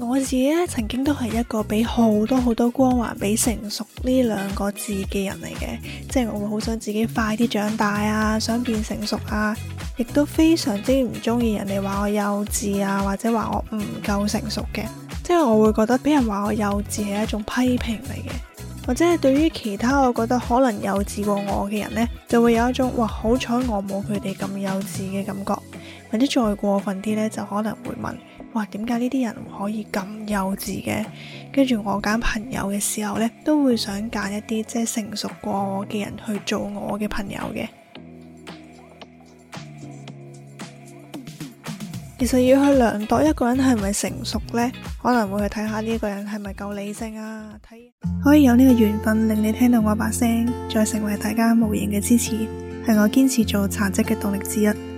我自己咧，曾經都係一個俾好多好多光環俾成熟呢兩個字嘅人嚟嘅，即係我會好想自己快啲長大啊，想變成熟啊，亦都非常之唔中意人哋話我幼稚啊，或者話我唔夠成熟嘅，即係我會覺得俾人話我幼稚係一種批評嚟嘅，或者係對於其他我覺得可能幼稚過我嘅人呢，就會有一種哇，好彩我冇佢哋咁幼稚嘅感覺。或者再過分啲呢，就可能會問：哇，點解呢啲人可以咁幼稚嘅？跟住我揀朋友嘅時候呢，都會想揀一啲即係成熟過我嘅人去做我嘅朋友嘅。其實要去量度一個人係咪成熟呢，可能會去睇下呢個人係咪夠理性啊？睇可以有呢個緣分令你聽到我把聲，再成為大家無形嘅支持，係我堅持做茶嘖嘅動力之一。